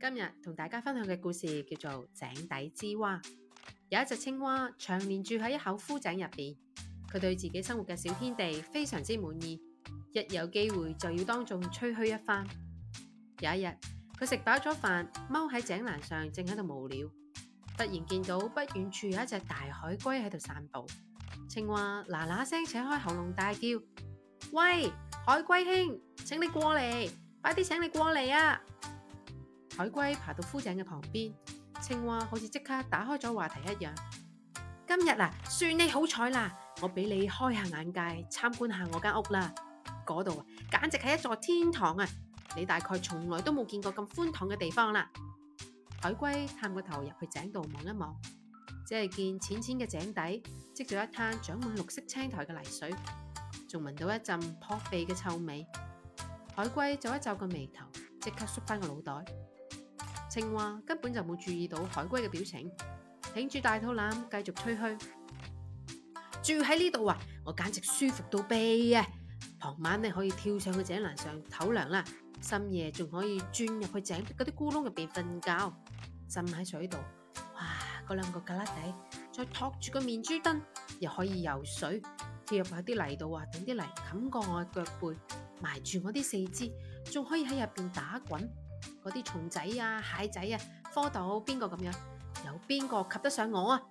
今日同大家分享嘅故事叫做《井底之蛙》。有一隻青蛙，長年住喺一口枯井入邊，佢對自己生活嘅小天地非常之滿意，一有機會就要當眾吹噓一番。有一日，佢食飽咗飯，踎喺井欄上，正喺度無聊，突然見到不遠處有一隻大海龜喺度散步。青蛙嗱嗱聲扯開喉嚨大叫：喂，海龜兄，請你過嚟，快啲，請你過嚟啊！海龜爬到枯井嘅旁邊，青蛙好似即刻打開咗話題一樣。今日啊，算你好彩啦，我俾你開下眼界，參觀下我間屋啦。嗰度啊，簡直係一座天堂啊！你大概從來都冇見過咁寬敞嘅地方啦。海龜探個頭入去井度望一望，只係見淺淺嘅井底積咗一灘長滿綠色青苔嘅泥水，仲聞到一陣撲鼻嘅臭味。海龜皺一皺個眉頭，即刻縮翻個腦袋。青蛙根本就冇注意到海龜嘅表情，挺住大肚腩繼續吹噓。住喺呢度啊，我簡直舒服到痹啊！傍晚你可以跳上去井欄上唞涼啦，深夜仲可以鑽入去井嗰啲咕窿入邊瞓覺。浸喺水度，哇！嗰兩個格拉底再托住個面珠燈，又可以游水，跳入去啲泥度啊，等啲泥冚過我嘅腳背，埋住我啲四肢，仲可以喺入邊打滾。嗰啲蟲仔啊、蟹仔啊、蝌蚪邊個咁樣，有邊個及得上我啊？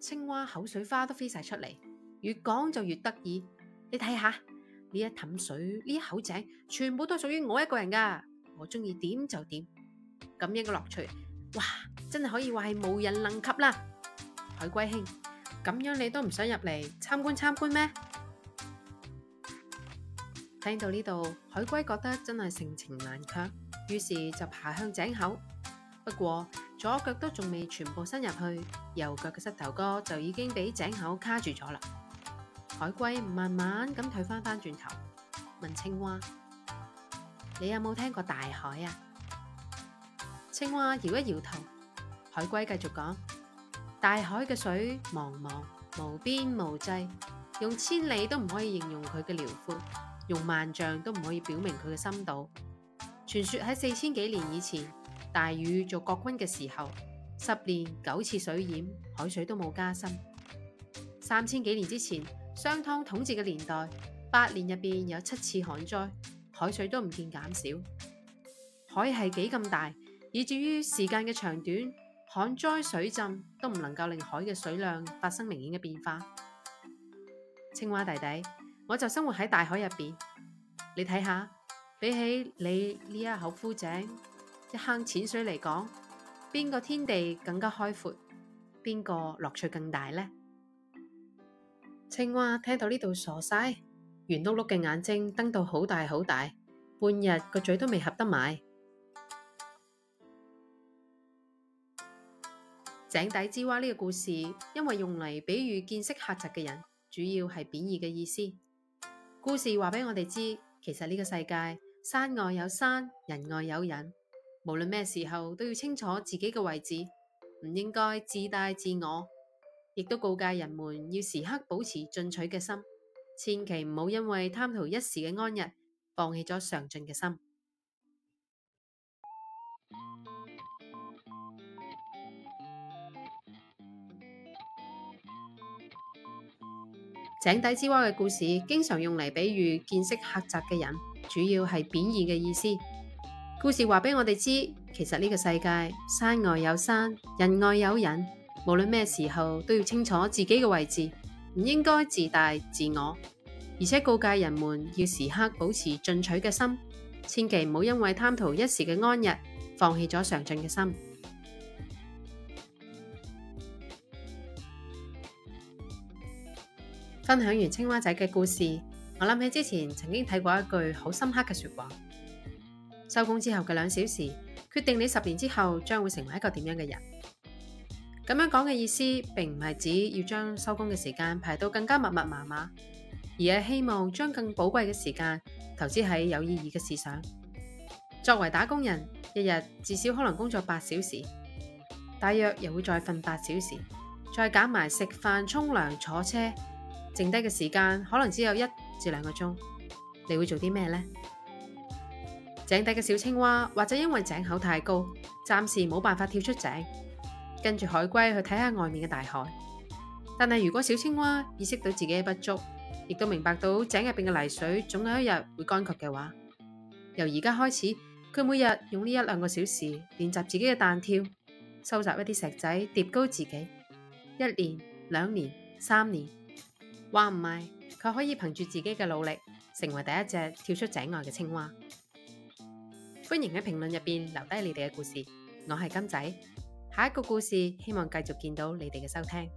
青蛙口水花都飛晒出嚟，越講就越得意。你睇下呢一凼水，呢一口井，全部都係屬於我一個人噶。我中意點就點，咁樣嘅樂趣，哇，真係可以話係無人能及啦。海龜兄，咁樣你都唔想入嚟參觀參觀咩？聽到呢度，海龜覺得真係盛情難卻。於是就爬向井口，不過左腳都仲未全部伸入去，右腳嘅膝頭哥就已經俾井口卡住咗啦。海龜慢慢咁退翻返轉頭，問青蛙：你有冇聽過大海啊？青蛙搖一搖頭。海龜繼續講：大海嘅水茫茫無邊無際，用千里都唔可以形容佢嘅遼闊，用萬丈都唔可以表明佢嘅深度。傳說喺四千幾年以前，大禹做國君嘅時候，十年九次水淹，海水都冇加深；三千幾年之前，商湯統治嘅年代，八年入面有七次旱災，海水都唔見減少。海係幾咁大，以至於時間嘅長短、旱災、水浸都唔能夠令海嘅水量發生明顯嘅變化。青蛙弟弟，我就生活喺大海入邊，你睇下。比起你呢一口枯井、一坑淺水嚟講，邊個天地更加開闊，邊個樂趣更大呢？青蛙聽到呢度傻晒，圓碌碌嘅眼睛瞪到好大好大，半日個嘴都未合得埋。井底之蛙呢個故事，因為用嚟比喻見識狹窄嘅人，主要係貶義嘅意思。故事話俾我哋知，其實呢個世界。山外有山，人外有人。無論咩時候，都要清楚自己嘅位置，唔應該自大自我。亦都告誡人們要時刻保持進取嘅心，千祈唔好因為貪圖一時嘅安逸，放棄咗上進嘅心。 井底之蛙嘅故事，經常用嚟比喻見識狹窄嘅人。主要係貶義嘅意思。故事話俾我哋知，其實呢個世界山外有山，人外有人。無論咩時候都要清楚自己嘅位置，唔應該自大自我。而且告誡人們要時刻保持進取嘅心，千祈唔好因為貪圖一時嘅安逸，放棄咗上進嘅心。 分享完青蛙仔嘅故事。我諗起之前曾經睇過一句好深刻嘅說話：收工之後嘅兩小時，決定你十年之後將會成為一個點樣嘅人。咁樣講嘅意思，並唔係指要將收工嘅時間排到更加密密麻麻，而係希望將更寶貴嘅時間投資喺有意義嘅事上。作為打工人，日日至少可能工作八小時，大約又會再瞓八小時，再減埋食飯、沖涼、坐車，剩低嘅時間可能只有一至兩個鐘，你會做啲咩呢？井底嘅小青蛙，或者因為井口太高，暫時冇辦法跳出井，跟住海龜去睇下外面嘅大海。但係如果小青蛙意識到自己嘅不足，亦都明白到井入邊嘅泥水總有一日會乾涸嘅話，由而家開始，佢每日用呢一兩個小時練習自己嘅彈跳，收集一啲石仔疊高自己，一年、兩年、三年，話唔係。佢可以憑住自己嘅努力，成為第一隻跳出井外嘅青蛙。歡迎喺評論入邊留低你哋嘅故事。我係柑仔，下一個故事希望繼續見到你哋嘅收聽。